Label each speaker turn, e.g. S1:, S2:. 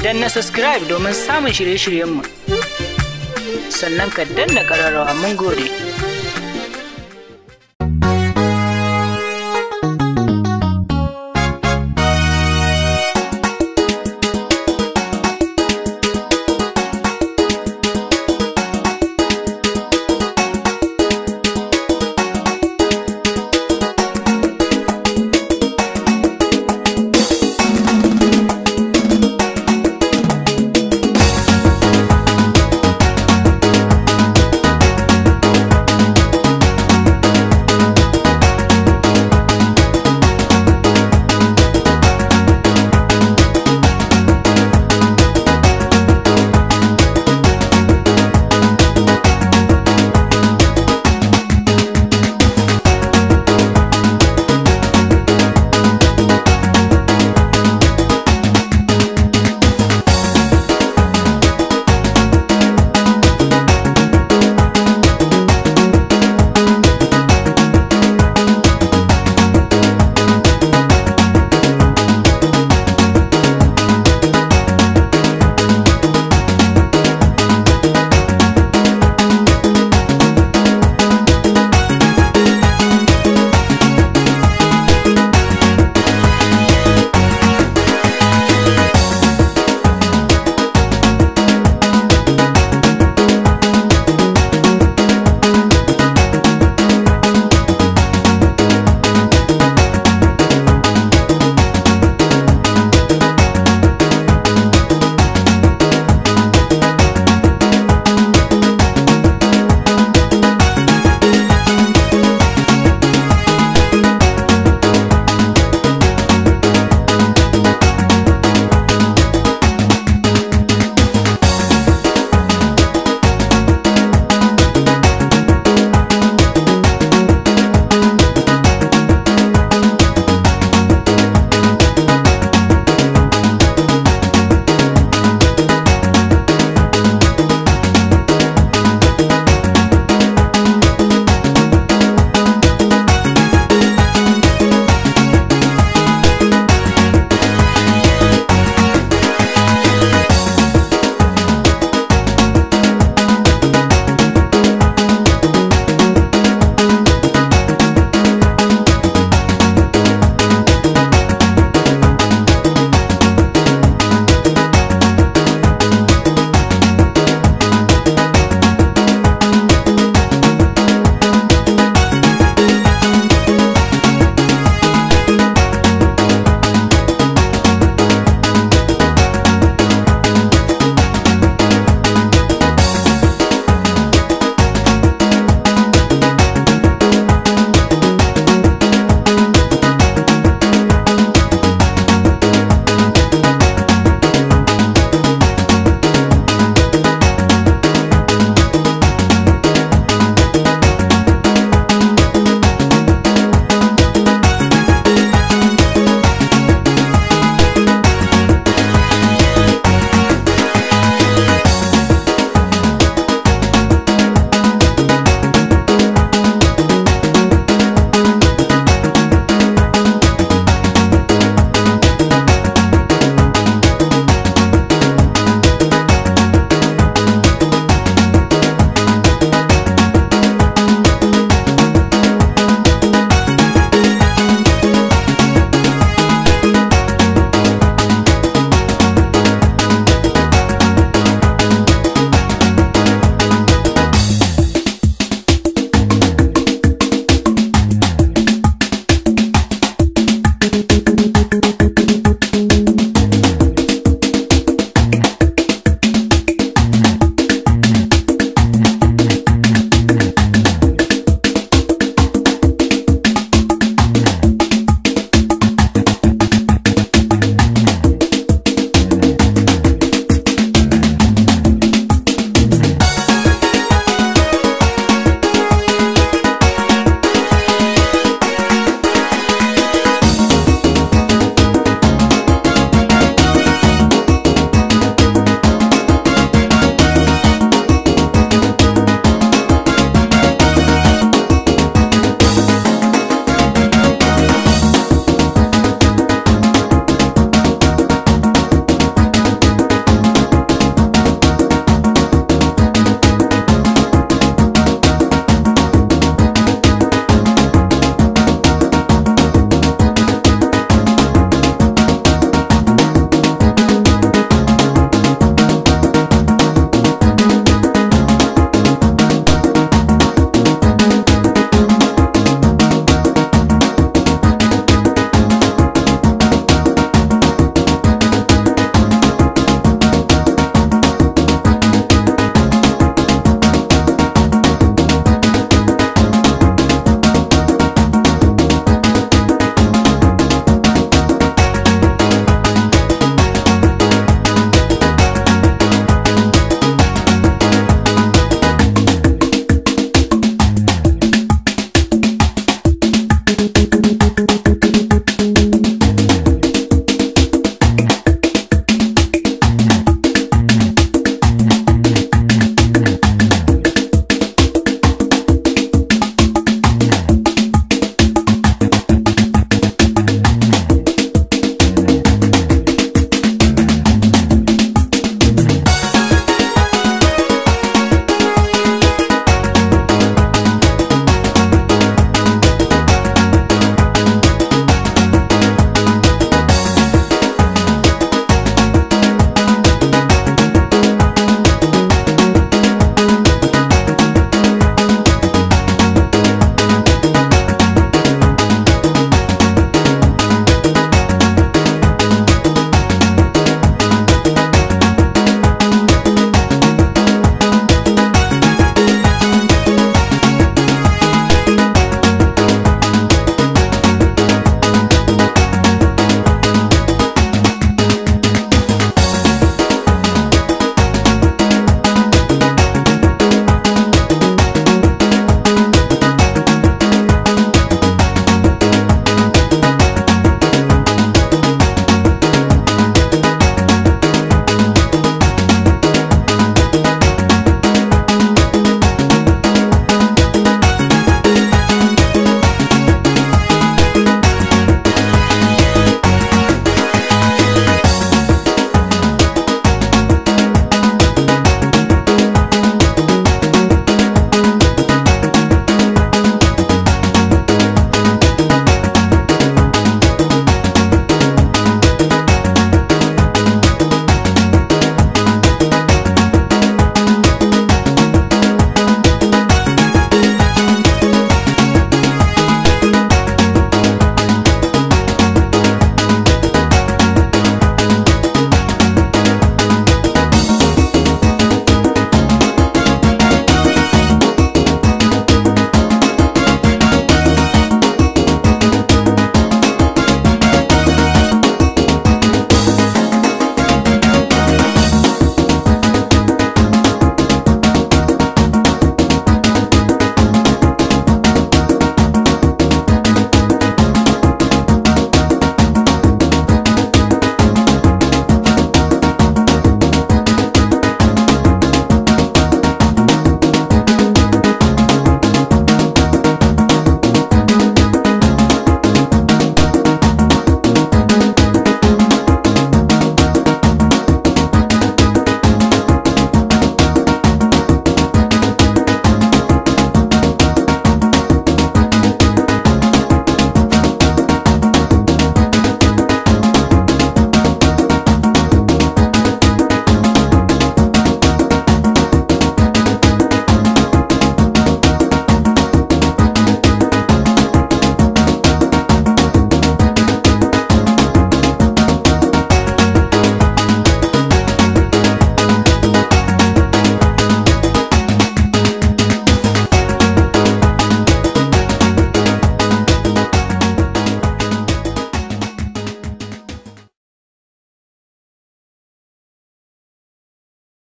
S1: na subscribe domin samun shirye-shiryenmu sannan ka danna ƙararrawa mun gode.